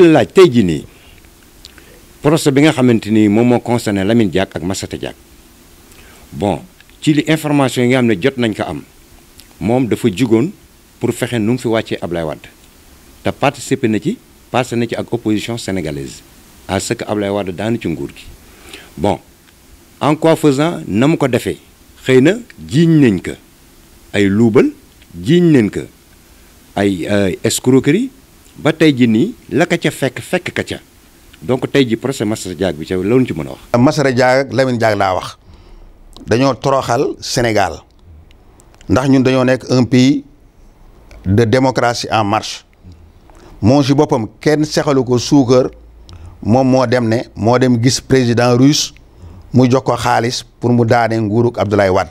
di laaj tey jii nii procès bi nga xamante ni moom moo concerné Lamine jàkk ak Massata Diack bon ci li information yi nga xam ne jot nañ ko am moom dafa jigoon pour fexe nu mu fi wàccee Ablaye Wade te participé na ci parce na ci ak opposition sénégalaise à ce que Ablaye Wade daanu ci nguur gi bon en quoi faisant na mu ko defee xëy na jiiñ nañ ko ay luubal jiiñ nañ ko ay euh, escroquerie ba tey ji nii la ka ca fekk fekk ka ca donc tey ji procès Massata Diack bi ca loolu ci mën a wax. Massata Diack Lamine Diack laa wax dañoo toroxal Sénégal ndax ñun dañoo nekk un pays de démocratie en marche moom si boppam kenn sexalu ko suukar moom moo dem ne moo dem gis président russe mu jox ko xaalis pour mu daane nguuruk Abdoulaye Wade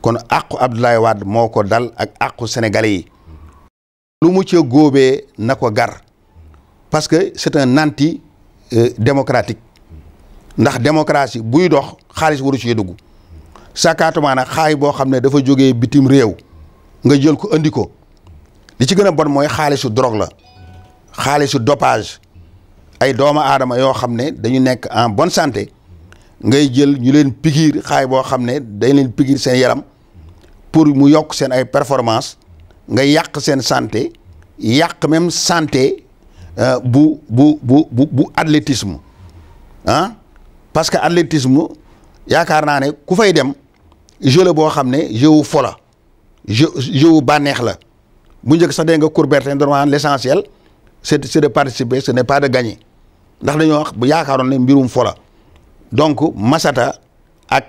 kon àqu Abdoulaye Wade moo ko dal ak àqu sénégalais yi lu mu ca góobee na ko gar parce que c'est un anti démocratique ndax démocratie buy dox xaalis waru ci dugg sakaatumaa nag xaay boo xam ne dafa jóge bitim réew nga jël ko andi ko li ci gën a bon mooy xaalisu drogue la xaalisu dopage ay doomu aadama yoo xam ne dañu nekk en bonne santé ngay jël ñu leen pikiir xaay boo xam ne dañ leen pikiir seen yaram pour mu yokk seen ay performance nga yàq seen santé yàq même santé euh, bu bu bu bu bu athlétisme ah parce que athlétisme yaakaar naa ne ku fay dem jeu la boo xam ne jeu wu fo la jeu jeu wu bànneex la bu njëkk sax dee nga Coubertin doon wax l'essentiel c'est c'est de participer ce n'est pas de gagner ndax dañoo wax bu yaakaaroon ne mbirum fola donc Massata ak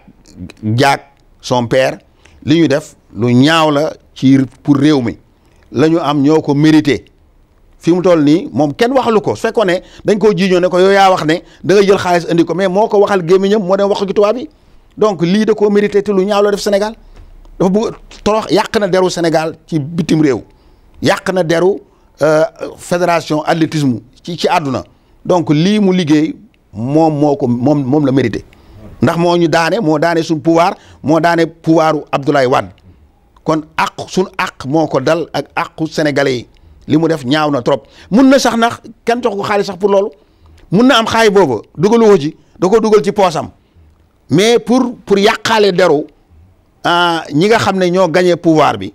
Diack son père li ñu def lu ñaaw la ci pour réew mi la am ñoo ko mérité fi mu toll nii moom kenn waxalu ko su fekkoon ne dañ koo jiiñoo ne ko yooyu yaa wax ne da jël xaalis andi ko mais moo ko waxal gémmiñam moo dem wax ci tubaab donc lii da koo mérité te lu ñaaw la def Sénégal dafa bëgg torox yàq na deru Sénégal ci bitim réew yàq na deru euh, fédération athlétisme ci ci àdduna donc lii mu liggéey moom moo ko moom moom la mérité ndax moo ñu daane moo daane suñ pouvoir moo daane pouvoiru Abdoulaye Wade kon àq suñu àq moo ko dal ak àqu sénégalais yi li mu def ñaaw na trop mun na sax nax kenn jox ko xaalis sax pour loolu mun na am xaay booba dugalu ko ci da ko dugal ci poosam mais pour pour yàqaale deru ah, ñi nga xam ne ñoo gagné pouvoir bi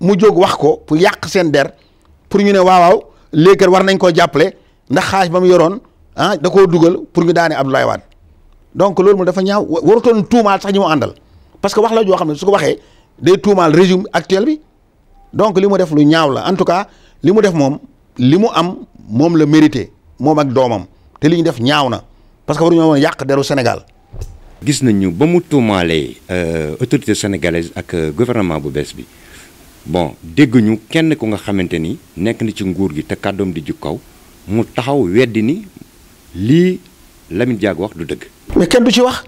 mu jóg wax ko pour yàq seen der pour ñu ne waaw waaw léegi war nañ koo jàppale ndax xaalis mu yoroon ah da koo dugal pour ñu daane Abdoulaye Wade donc loolu mu dafa ñaaw warutoon tuumaal sax ñi mu àndal parce que wax la joo xam ne su ko waxee. day tuumaal régime actuel bi donc li mu def lu ñaaw la en tout cas li mu def moom li mu am moom la mérité moom ak doomam te li ñu def ñaaw na parce que ñoo woon yàq deru Sénégal. gis ñu ba mu tuumaalee euh, autorité sénégalaise ak euh, gouvernement bu bees bi bon dégguñu kenn ku nga xamante ni nekk na ci nguur gi te kàddoom di ju kaw mu taxaw weddi ni lii Lamine Diack wax du dëgg. mais kenn du ci wax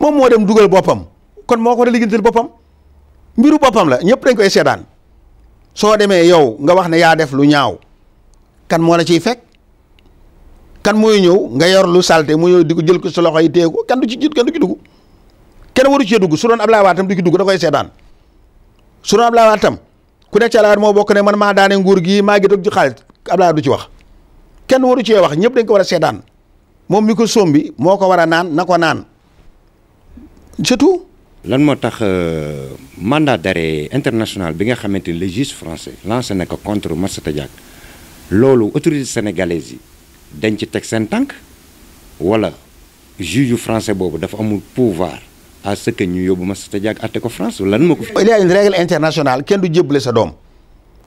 moom moo dem dugal boppam kon moo ko war a liggéeyal boppam. mbiru boppam la ñëpp dañ koy seedaan soo demee yow nga wax ne yaa def lu ñaaw kan moo la ciy fekk kan mooy ñëw nga yor lu salté mu ñëw di ko jël ko sa loxo yi téye ko kan du ci jit kan du ci dugg kenn waru cee dugg su doon Ablaye dugg da koy seedaan su doon Ablaye Wade tam ku nekk ci Ablaye Wade moo bokk ne man maa daane nguur gi maa ngi toog ci xaalis Ablaye Wade du ci wax kenn waru cee wax ñëpp dañ ko war a seedaan moom mi ko sombi moo ko war a naan na ko naan c'est lan moo tax euh, mandat d'arrêt international bi nga xamante ni le juge français lancé na ko contre Massata Diack loolu autorité sénégalaise yi dañ ci teg seen tànk wala yu français boobu dafa amul pouvoir à ce que ñu yóbbu Massata Diack ate ko France lan moo ko. il y a une règle internationale kenn du jébbale sa doom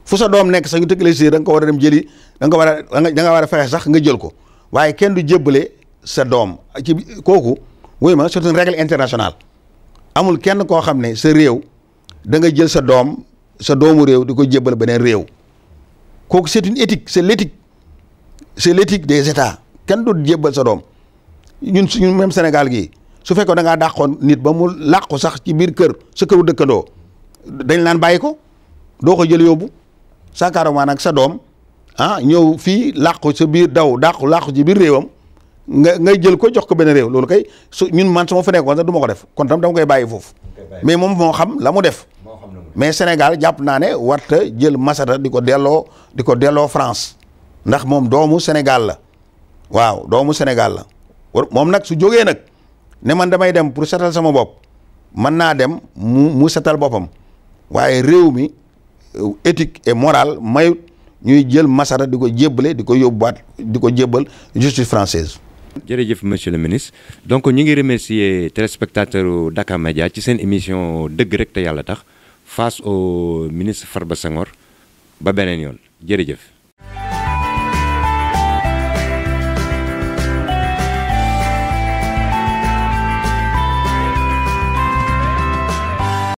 fu sa doom nekk sax ñu tëkkale si da nga ko war a dem jëli da nga ko war a da nga war a fexe sax nga jël ko waaye kenn du jébbale sa doom ci kooku wuy ma c'est une règle internationale. amul kenn koo xam ne sa réew da nga jël sa doom sa doomu réew di ko jébbal beneen réew kooku c'est une éthique c'est l'éthique c'est l'éthique des états kenn du jébbal sa doom ñun suñu même Sénégal gi su fekkoon da ngaa dàqoon nit ba mu làqu sax ci biir kër sa këru dëkkandoo dañ laan bàyyi ko doo ko jël yóbbu sa kaaramaan ak sa doom ah ñëw fii làqu sa biir daw dàqu làqu ci biir réewam nga ngay jël ko jox ko benn réew loolu kay su ñun man su ma fa nekkoon sax du ko def kon tam dama koy bàyyi foofu mais moom moo xam la mu def mais Sénégal jàpp naa ne warta jël masata di ko delloo di ko delloo France ndax moom doomu Sénégal la waaw doomu Sénégal la moom nag su jogee nag ne man damay dem pour setal sama bopp mën naa dem mu mu setal boppam waaye réew mi euh, éthique et morale mayut ñuy jël masara di ko jébbale di ko yóbbuwaat di ko jébbal justice française jërëjëf monsieur le ministre donc ñu ngi remercier téléspectateur Dakar Média ci seen émission dëgg rek te yàlla tax face au ministre Farba Senghor ba beneen yoon jërëjëf.